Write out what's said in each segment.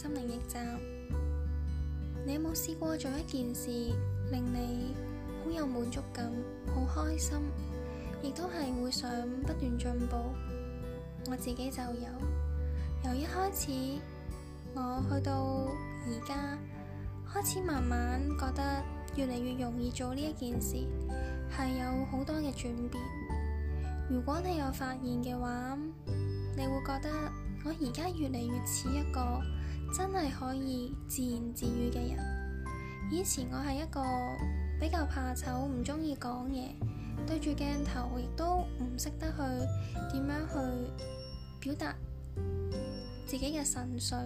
心靈驛站，你有冇試過做一件事，令你好有滿足感，好開心，亦都係會想不斷進步？我自己就有。由一開始我去到而家，開始慢慢覺得越嚟越容易做呢一件事，係有好多嘅轉變。如果你有發現嘅話，你會覺得我而家越嚟越似一個。真係可以自言自語嘅人。以前我係一個比較怕醜，唔中意講嘢，對住鏡頭亦都唔識得去點樣去表達自己嘅情緒。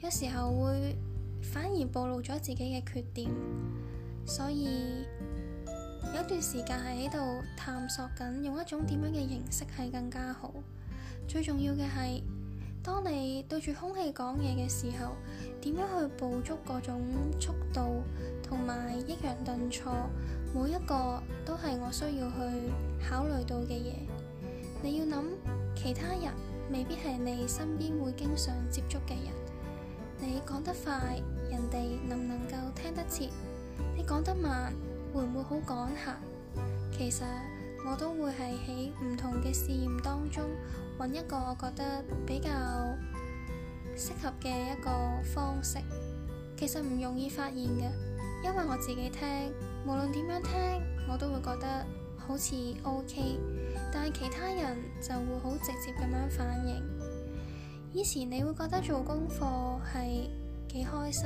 有時候會反而暴露咗自己嘅缺點。所以有段時間係喺度探索緊，用一種點樣嘅形式係更加好。最重要嘅係。當你對住空氣講嘢嘅時候，點樣去捕捉嗰種速度同埋抑揚頓挫，每一個都係我需要去考慮到嘅嘢。你要諗，其他人未必係你身邊會經常接觸嘅人。你講得快，人哋能唔能夠聽得切？你講得慢，會唔會好趕下？其實。我都會係喺唔同嘅試驗當中揾一個我覺得比較適合嘅一個方式。其實唔容易發現嘅，因為我自己聽，無論點樣聽，我都會覺得好似 OK。但係其他人就會好直接咁樣反應。以前你會覺得做功課係幾開心，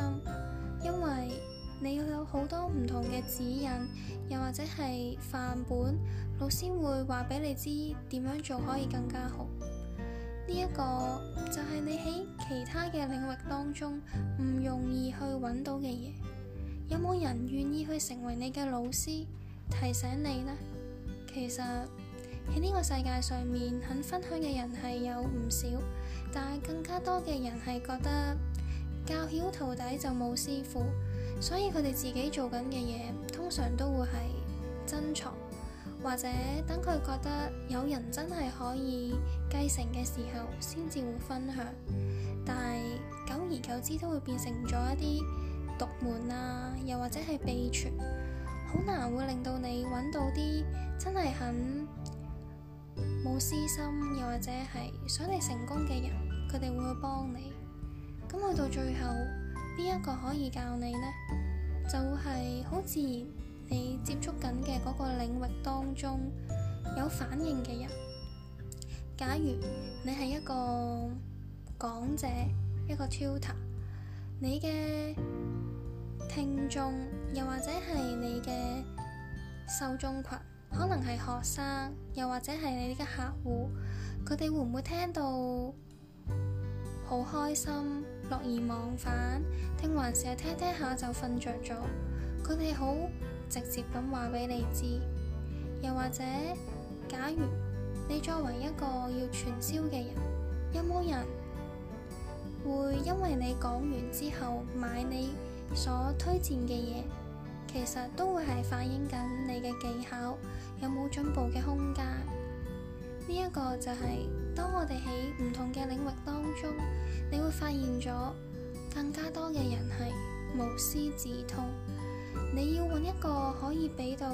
因為。你又有好多唔同嘅指引，又或者係範本，老師會話俾你知點樣做可以更加好。呢一個就係你喺其他嘅領域當中唔容易去揾到嘅嘢。有冇人願意去成為你嘅老師，提醒你呢？其實喺呢個世界上面，肯分享嘅人係有唔少，但係更加多嘅人係覺得教曉徒弟就冇師傅。所以佢哋自己做緊嘅嘢，通常都會係珍藏，或者等佢覺得有人真係可以繼承嘅時候，先至會分享。但係久而久之，都會變成咗一啲獨門啊，又或者係秘傳，好難會令到你揾到啲真係肯冇私心，又或者係想你成功嘅人，佢哋會去幫你。咁去到最後。邊一個可以教你呢？就係好似你接觸緊嘅嗰個領域當中有反應嘅人。假如你係一個講者，一個 tutor，你嘅聽眾又或者係你嘅受眾群，可能係學生，又或者係你嘅客戶，佢哋會唔會聽到？好開心，樂而忘返。還是聽完成日聽聽下就瞓着咗。佢哋好直接咁話俾你知。又或者，假如你作為一個要傳銷嘅人，有冇人會因為你講完之後買你所推薦嘅嘢？其實都會係反映緊你嘅技巧有冇進步嘅空間。呢一個就係。當我哋喺唔同嘅領域當中，你會發現咗更加多嘅人係無師自通。你要揾一個可以俾到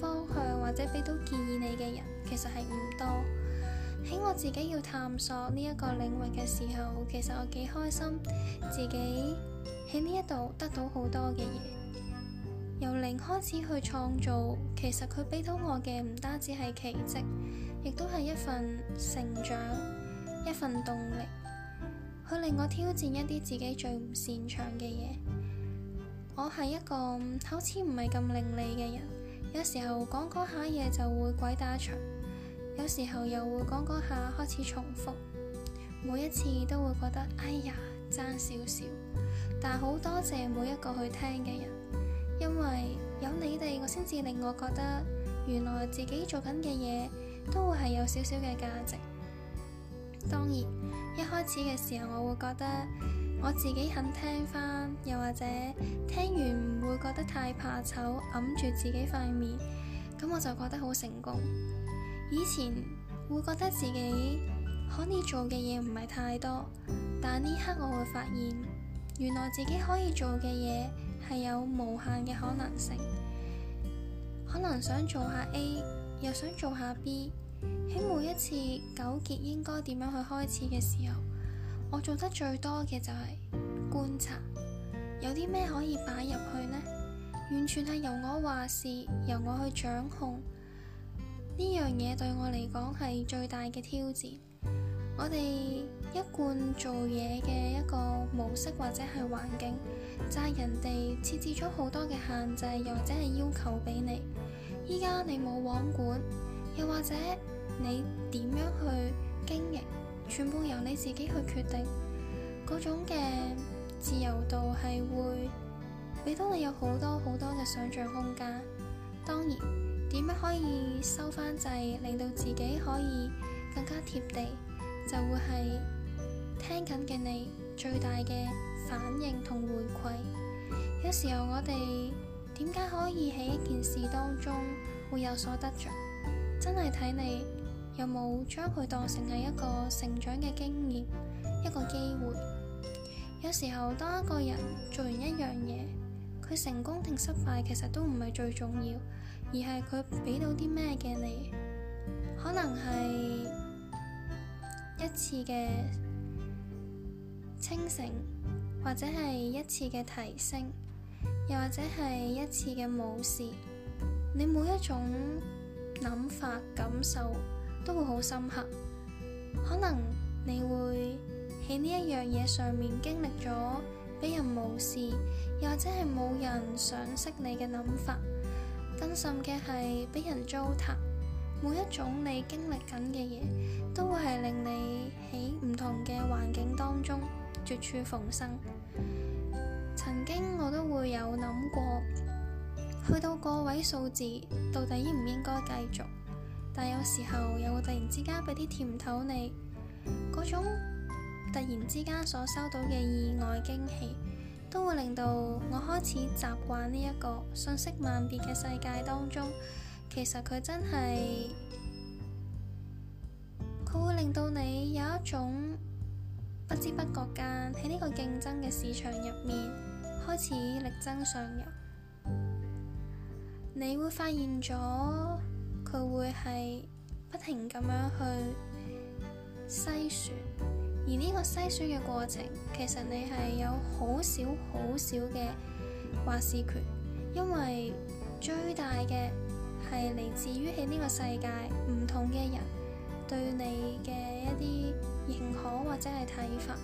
方向或者俾到建議你嘅人，其實係唔多。喺我自己要探索呢一個領域嘅時候，其實我幾開心，自己喺呢一度得到好多嘅嘢。由零開始去創造，其實佢俾到我嘅唔單止係奇蹟。亦都係一份成長，一份動力，去令我挑戰一啲自己最唔擅長嘅嘢。我係一個好似唔係咁伶俐嘅人，有時候講講下嘢就會鬼打牆，有時候又會講講下開始重複，每一次都會覺得，哎呀，爭少少，但好多謝每一個去聽嘅人，因為有你哋，我先至令我覺得原來自己做緊嘅嘢，都會係有少少嘅價值。當然，一開始嘅時候，我會覺得我自己肯聽返，又或者聽完唔會覺得太怕醜，揞住自己塊面，咁我就覺得好成功。以前會覺得自己可以做嘅嘢唔係太多，但呢刻我會發現，原來自己可以做嘅嘢係有無限嘅可能性。可能想做下 A。又想做下 B。喺每一次糾結應該點樣去開始嘅時候，我做得最多嘅就係觀察，有啲咩可以擺入去呢？完全係由我話事，由我去掌控呢樣嘢，對我嚟講，係最大嘅挑戰。我哋一貫做嘢嘅一個模式或者係環境，就係人哋設置咗好多嘅限制，又或者係要求俾你。依家你冇網管，又或者你點樣去經營，全部由你自己去決定，嗰種嘅自由度係會俾到你有好多好多嘅想象空間。當然，點樣可以收翻制，令到自己可以更加貼地，就會係聽緊嘅你最大嘅反應同回饋。有時候我哋點解可以喺一件事當中，會有所得着，真係睇你有冇將佢當成係一個成長嘅經驗，一個機會。有時候，當一個人做完一樣嘢，佢成功定失敗，其實都唔係最重要，而係佢俾到啲咩嘅你。可能係一次嘅清醒，或者係一次嘅提升，又或者係一次嘅冇事。你每一種諗法、感受都會好深刻，可能你會喺呢一樣嘢上面經歷咗俾人無視，又或者係冇人想識你嘅諗法，更甚嘅係俾人糟蹋。每一種你經歷緊嘅嘢，都會係令你喺唔同嘅環境當中絕處逢生。曾經我都會有諗過。去到個位數字，到底應唔應該繼續？但有時候又會突然之間俾啲甜頭你，嗰種突然之間所收到嘅意外驚喜，都會令到我開始習慣呢一個信息萬變嘅世界當中。其實佢真係佢會令到你有一種不知不覺間喺呢個競爭嘅市場入面開始力爭上游。你會發現咗，佢會係不停咁樣去篩選。而呢個篩選嘅過程，其實你係有好少好少嘅話事權，因為最大嘅係嚟自於喺呢個世界唔同嘅人對你嘅一啲認可或者係睇法，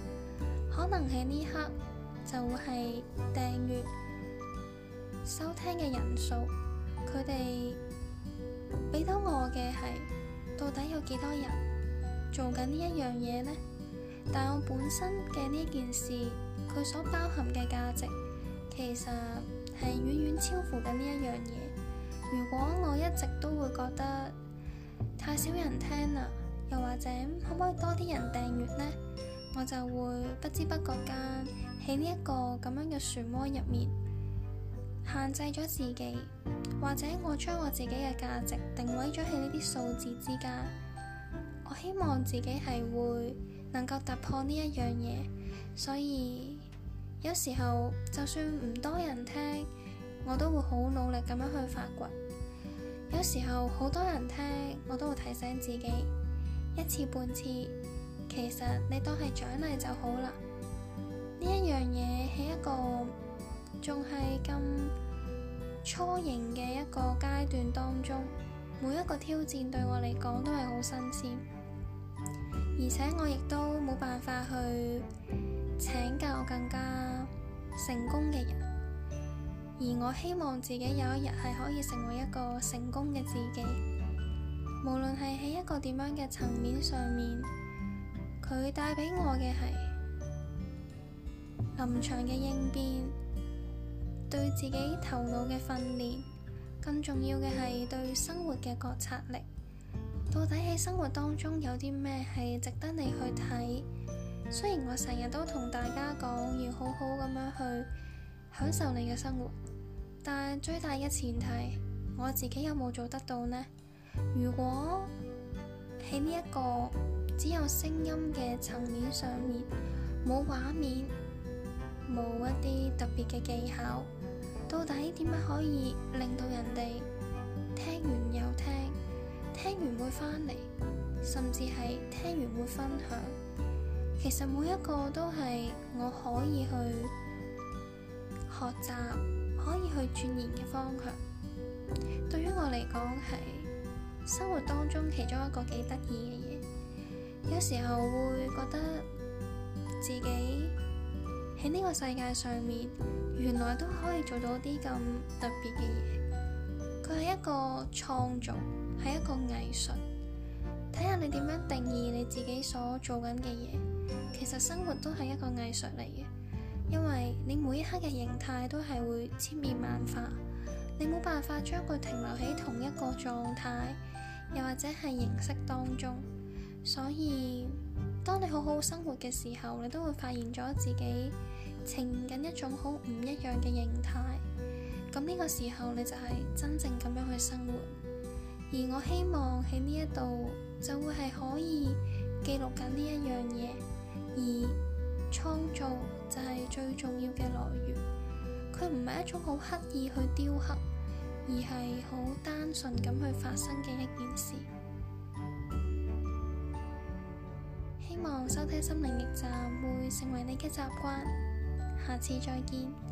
可能喺呢刻就會係訂閱收聽嘅人數。佢哋俾到我嘅係，到底有幾多人做緊呢一樣嘢呢？但我本身嘅呢件事，佢所包含嘅價值，其實係遠遠超乎緊呢一樣嘢。如果我一直都會覺得太少人聽啦，又或者可唔可以多啲人訂閱呢？我就會不知不覺間喺呢一個咁樣嘅漩渦入面。限制咗自己，或者我將我自己嘅價值定位咗喺呢啲數字之間。我希望自己係會能夠突破呢一樣嘢，所以有時候就算唔多人聽，我都會好努力咁樣去發掘。有時候好多人聽，我都會提醒自己，一次半次，其實你當係獎勵就好啦。呢一樣嘢係一個。仲係咁初型嘅一個階段當中，每一個挑戰對我嚟講都係好新鮮，而且我亦都冇辦法去請教更加成功嘅人，而我希望自己有一日係可以成為一個成功嘅自己，無論係喺一個點樣嘅層面上面，佢帶畀我嘅係臨場嘅應變。對自己頭腦嘅訓練，更重要嘅係對生活嘅覺察力。到底喺生活當中有啲咩係值得你去睇？雖然我成日都同大家講要好好咁樣去享受你嘅生活，但最大嘅前提，我自己有冇做得到呢？如果喺呢一個只有聲音嘅層面上面，冇畫面，冇一啲特別嘅技巧。到底點解可以令到人哋聽完又聽，聽完會返嚟，甚至係聽完會分享？其實每一個都係我可以去學習，可以去鑽研嘅方向。對於我嚟講，係生活當中其中一個幾得意嘅嘢。有時候會覺得自己。喺呢個世界上面，原來都可以做到啲咁特別嘅嘢。佢係一個創造，係一個藝術。睇下你點樣定義你自己所做緊嘅嘢。其實生活都係一個藝術嚟嘅，因為你每一刻嘅形態都係會千變萬化，你冇辦法將佢停留喺同一個狀態，又或者係形式當中。所以，當你好好生活嘅時候，你都會發現咗自己。呈現緊一種好唔一樣嘅形態，咁呢個時候你就係、是、真正咁樣去生活，而我希望喺呢一度就會係可以記錄緊呢一樣嘢，而創造就係最重要嘅來源。佢唔係一種好刻意去雕刻，而係好單純咁去發生嘅一件事。希望收聽心靈驛站會成為你嘅習慣。下次再見。